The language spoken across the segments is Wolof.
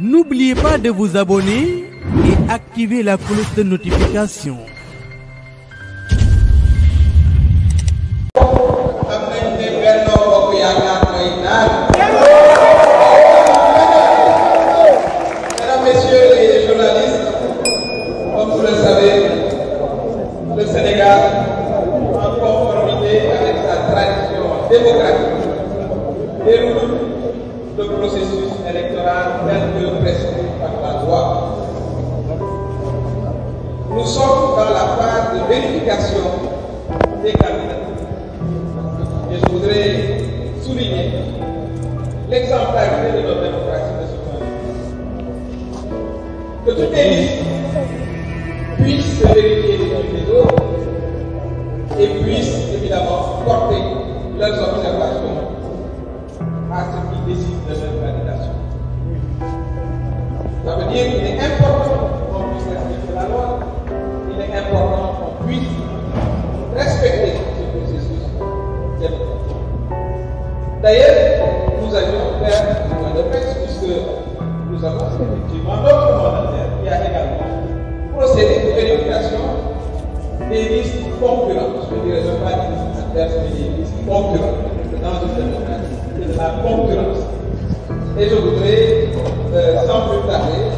N'oubliez pas de vous abonner et activer la cloche de notification. Mesdames, Messieurs les journalistes, comme vous le savez, le Sénégal des candidats. Et je voudrais souligner l'exemplarité de notre démocratie de ce point Que toutes les listes puissent se vérifier les uns des autres et puissent évidemment porter leurs observations à ce qui décident de leur validation. Ça veut D'ailleurs, nous avions fait un point de presse puisque nous avons effectivement notre mandataire qui a également procédé à l'éducation des listes concurrentes. Je ne dirais pas des listes adverses, mais des listes concurrentes. Dans une démocratie, de la concurrence. Et je voudrais, euh, sans plus tarder,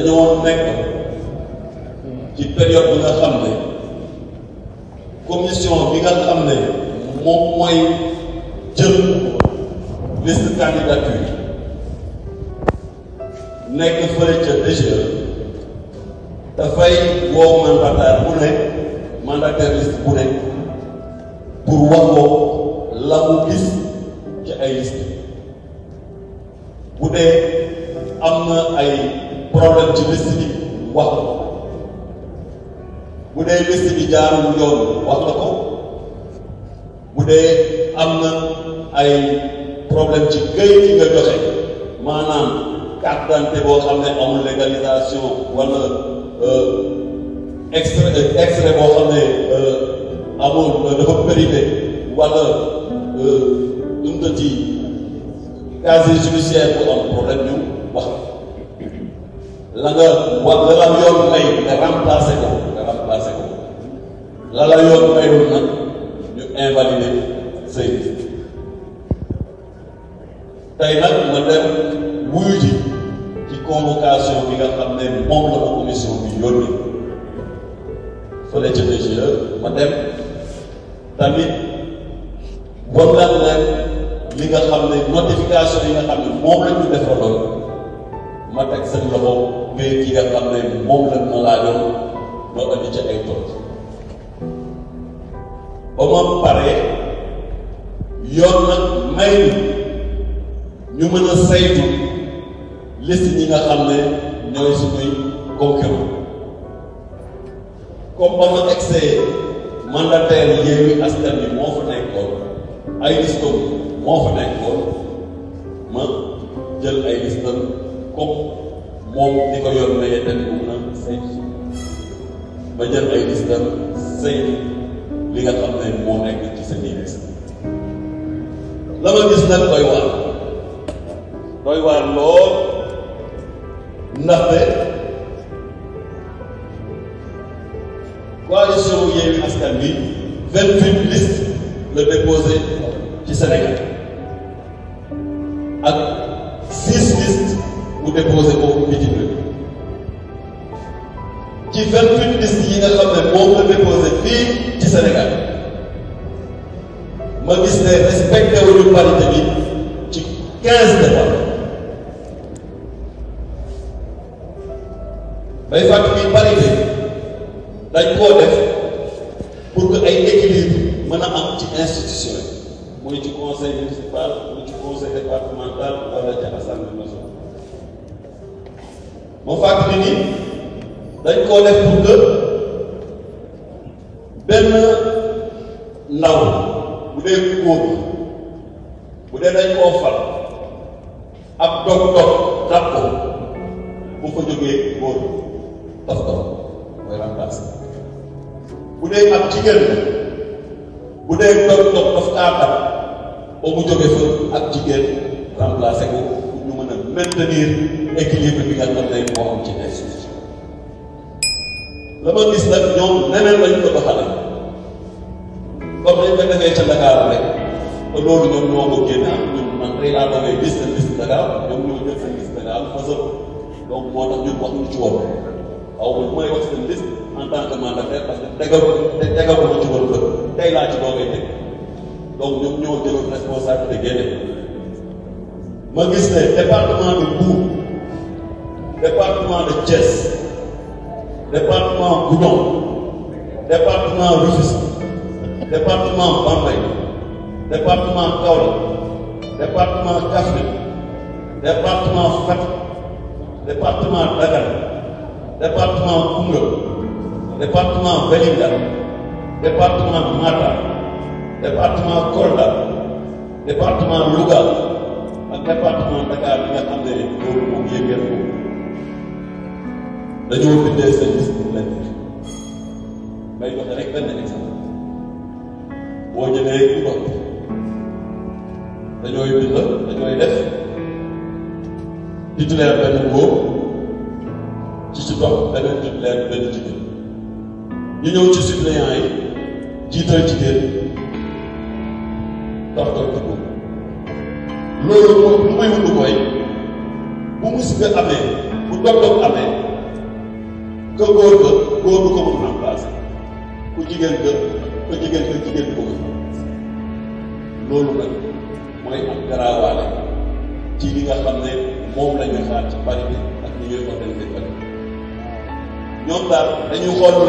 dañoo nekk ci période bi nga xam ne commission bi nga xam ne moom mooy jël liste candidature nekk fële ca DGE dafay woo mandataire bu nekk mandataire liste bu nekk pour waxoo la mu gis ci ay liste bu dee am na ay problème ci liste wax na dee liste bi yoon wax na ko bu dee am na ay problème ci këyit yi nga joxe maanaam carte d'identité boo xam ne amul légalisation wala euh, extrait euh, extrait boo xam ne euh, amul dafa périmé wala dumu ta ci casier judiciaire bu am problème la nga war la yoon may nga remplacé ko nga remplacé ko la yoon mayul nag ñu invalidé sëy bi nag ma dem wuyu ji ci convocation bi nga xam ne moom la commission bi yónni fële ca DGE ma dem tamit war naan leen li nga xam ne notification yi nga xam ne moom la ñu ma teg seen loxo mais yi nga xam ne moom la ma laajoon ba andi ca ay tool ba ma pare yoon nag may ñu mën a saytu liste ñi nga xam ne ñooy suñuy concurrent comme ba ma egsee mandataire Yewwi Askan Wi moo fa nekkoon ay listam moo fa nekkoon ma jël ay listam comme moom ni ko yoon mayee tamit na sëy ba jël ay listam sëy li nga xam ne moo nekk ci sa biir la ma gis nag doy waar doy waar lool ndaxte coalition Yewwi Askan Wi vingt-huit listes la déposé ci Sénégal déposé ko bitim réew ci vingt-huit listes yi nga xam ne moom la déposé fii ci Sénégal ma gis ne respecté wuñu parité bi ci quinze départements may fàttali parité dañ koo def pour que ay équilibre mën a am ci institution yi mooy ci conseil municipal mooy ci conseil départemental wala ci assemblée nationale ma fàttali ni dañ koo def pour que benn ndaw bu dee góor bu dee dañ koo fal ab dog-dog dab bu fa jógee góor daf ko mooy remplacer bu dee ab jigéen bu dee dog-dog daf kaa dab jógee fa ak jigéen remplacer ko ñu mën a maintenir. équilibre bi nga xam ne moo la ma gis nag ñoom neneen lañ ko doxale comme dañ ko defee gis na ñoom ñoo jël seen ñu ci woon waaw man ma ci woon ñoom ñoo jëloon responsabilité génne ma gis ne département de Mbour département de Thiès, département Goudon, département Rufisque, département Bambay, département Kaolack, département Kafri, département Fat, département Dakar, département Koungheul, département Belinda, département Mata, département Kolda, département Lugal, département Dakar bi nga xam de dañoo bindee seen bis pour lenn may joxe rek benn exemple boo jëlee ku dox dañooy bind dañooy def titulaire benn góor ci ci topp beneen titulaire benn jigéen ñu ñëw ci suppléant yi jiital jigéen dox ko loolu mooy lu muy wund koy bu musiba amee bu dog amee ka góor ba góor du ko mën a remplacé ku jigéen ka ku jigéen ka jigéen du ko mën loolu nag mooy ak garaawaale ci li nga xam ne moom la xaar ci bari ak ñi ñuy organisé bari ñoom daal dañuy xool bu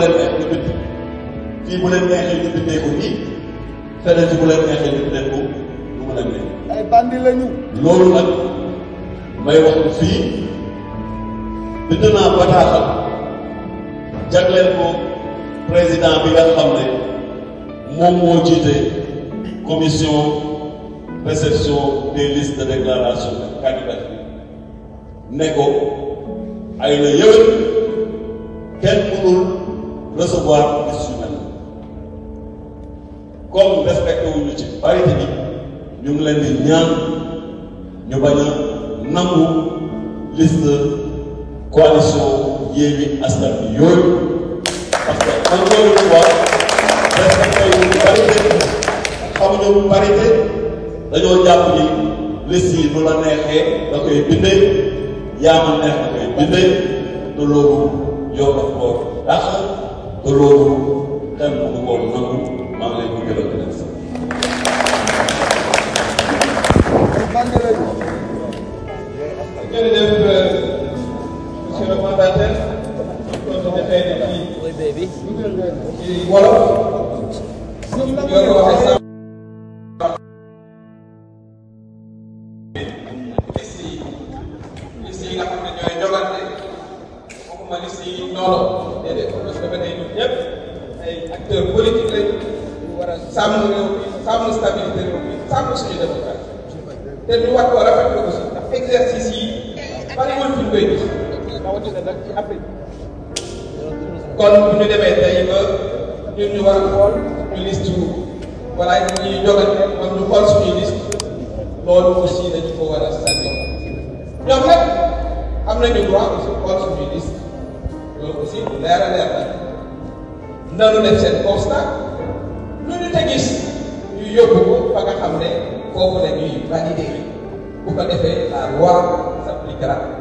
leen ay bandi lañu loolu nag may wax fii bind naa bataaxal jagleel ko président bi nga xam ne moom moo jiite commission réception des listes de déclaration de candidats. ne ko ay na yëwén kenn mënul recevoir liste yu comme respecté wuñu ci parité bi ñu ngi leen di ñaan ñu bañ a nangu liste coalition Yewwi Askan Wi yooyu parce que encore une fois respecté wu parité xamuñu wu parité dañoo jàpp ni liste yi nu la neexee da koy bindee yaa ma neex da koy bindee te loolu yow daf koo dàq te loolu kenn mënu koo nangu maa ngi leen di gërëm di leen mandataire kon defee ne kii ci wolof yoo ko waxee sàmm réew mi sàmm stabilité réew mi sàmm suñu démocratie te ñu war ko rafetlu aussi ndax exercice yi bariwul fi ñu koy gis rawatina nag ci Afrique kon bu ñu demee tey ba ñun ñu war a xool ñu liste wala ñuy jogante man ñu xool suñuy liste loolu aussi dañu ko war a sànni ñoom nag am nañu droit aussi xool suñuy liste loolu aussi leer a leer la nanu def seen constat lu ñu te gis ñu yóbbu ko fa nga xam ne foofu la ñuy valider bu ko defee la loi s'appliquera